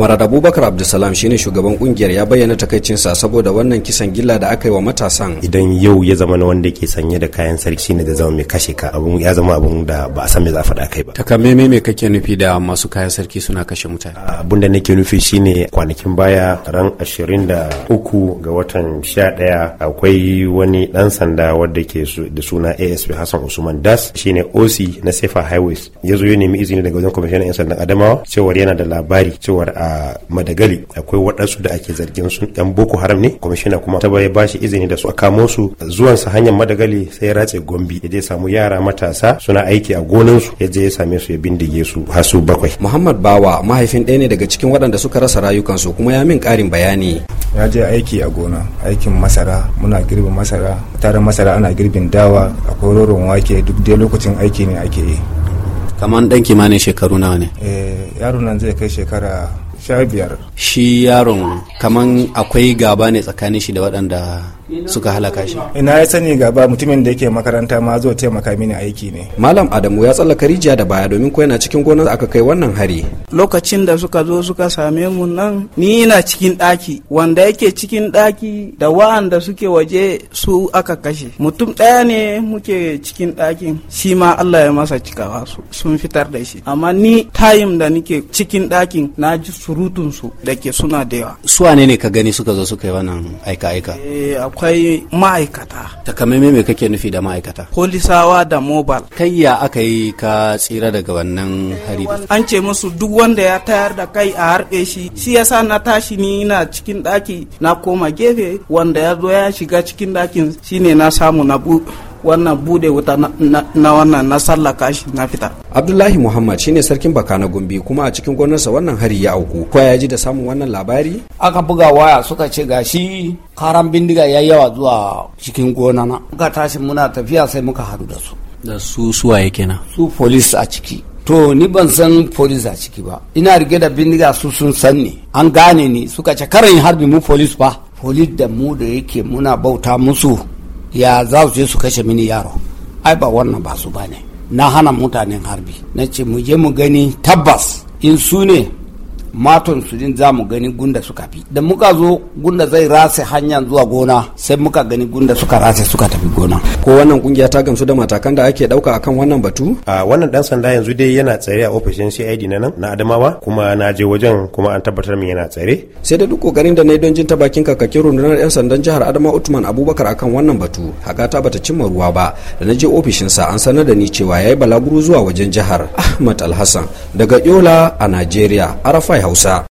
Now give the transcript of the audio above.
da Abubakar Abdulsalam shine shugaban kungiyar ya bayyana takaicinsa saboda wannan kisan gilla da aka yi wa matasan. Idan yau ya zama na wanda ke sanye da kayan sarki ne da zama mai kashe ka abun ya zama abun da ba a san me za a faɗa kai ba. Takamaimai me kake nufi da masu kayan sarki suna kashe mutane? Ah, abun da nake nufi shine kwanakin baya ran ashirin da uku ga watan sha akwai wani dan sanda wadda ke da suna ASP Hassan Usman Das shine OC na Sefa Highways ya zo ya nemi izini daga wajen kwamishinan 'yan sandan Adamawa cewar yana da labari cewar a ah, a madagali akwai waɗansu da ake zargin su yan boko haram ne kwamishina kuma ta ya bashi izini da su a kamo su zuwan sa hanyar madagali sai ya ratse gombe ya je samu yara matasa suna aiki a gonan su ya je ya same su ya bindige su har su bakwai muhammad bawa mahaifin ɗaya ne daga cikin waɗanda suka rasa rayukansu kuma ya min ƙarin bayani ya je aiki a gona aikin masara muna girbin masara tare masara ana girbin dawa akwai roron wake duk dai lokacin aiki ne ake yi kamar ɗan kimanin shekaru nawa ne eh, yaro nan zai kai shekara sha biyar shi yaron kaman akwai gaba ne tsakanin shi da waɗanda suka halaka shi ina ya sani gaba mutumin da yake makaranta ma zo taimaka mini aiki ne malam adamu ya tsallaka rijiya da baya domin ko yana cikin gonar aka kai wannan hari lokacin da suka zo suka same mu nan ni ina cikin ɗaki wanda yake cikin ɗaki da wa'anda suke waje su aka kashe mutum ɗaya ne muke cikin ɗakin shi ma Allah ya masa cikawa sun fitar da shi amma ni tayim da nike cikin ɗakin na ji surutun su da ke suna da yawa su wane ne ka gani suka zo suka yi wannan aika-aika eh akwai ma'aikata takamaimai me kake nufi da ma'aikata polisawa da mobile kai ya aka yi ka tsira daga wannan hari an ce musu duk wanda ya tayar da kai a harbe shi shi yasa na tashi ni ina cikin daki na koma gefe wanda ya zo ya shiga cikin dakin shine na samu na wannan bude wuta na wannan na sallaka shi na fita abdullahi muhammad shine sarkin baka na gombe kuma a cikin gwamnarsa wannan hari ya auku ko ya ji da samun wannan labari aka buga waya suka ce gashi karan bindiga ya yawa zuwa cikin gona na muka tashi muna tafiya sai muka hadu da su da su suwaye kenan su polis a ciki to ni ban san polis a ciki ba ina rike da bindiga su sun san ni an gane ni suka ce karin harbi mu polis ba polis da mu da yake muna bauta musu ya za su je su kashe mini yaro ai ba wannan ba su bane na hana mutanen harbi na ce mu je mu gani tabbas in su ne maton su din za mu gani gunda suka fi da muka zo gunda zai rase hanyar zuwa gona sai muka gani gunda suka rase suka tafi gona ko wannan kungiya ta gamsu da matakan da ake dauka akan wannan batu a wannan dan sanda yanzu dai yana tsare a ofishin CID na nan na Adamawa kuma na je wajen kuma an tabbatar min yana tsare sai da duk kokarin da nayi don jin ta bakin kakakin rundunar yan sandan jihar Adama Utman Abubakar akan wannan batu haka ta bata cimma ruwa ba da na je ofishin sa an sanar da ni cewa yayi balaguro zuwa wajen jihar Ahmad Alhassan daga Yola a nigeria Arafai 消失。